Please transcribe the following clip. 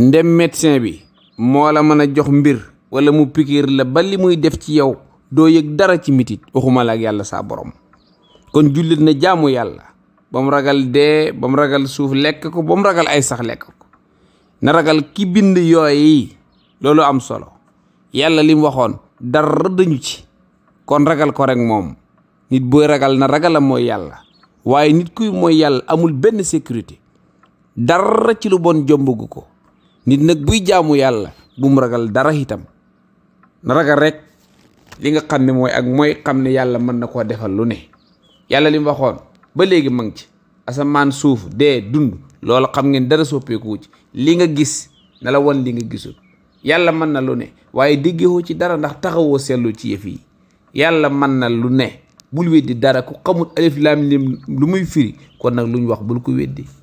ndem médecin bi moo la mën a jox mbir wala mu pikiir la ba li muy def ci yow doo yëg dara ci mitit waxuma la ak yàlla saa borom kon jullit na jaamu yàlla ba mu ragal dee ba mu ragal suuf lekk ko ba mu ragal ay sax lekk ko na ragal ki bind yi loolu am solo yàlla li mu waxoon dara dañu ci kon ragal ko rek moom nit booy ragal na ragala mooy yàlla waaye nit kuy mooy yàlla amul benn sécurité dara ci lu bon jombagu ko nit nag buy jaamu yàlla bu mu ragal dara itam na ragal rek li nga xam ne mooy ak mooy xam ne yàlla mën na koo defal lu ne yàlla li mu waxoon ba léegi ma ngi ci asamaan suuf dee dund loolu xam ngeen dara soppeeku ci li nga gis na la wan li nga gisul yàlla mën na lu ne waaye déggewoo ci dara ndax taxawoo seetlu ci yëf yi yàlla mën na lu ne bul weddi dara ku xamul alif laam lu muy firi kon nag lu ñu wax bul ko weddi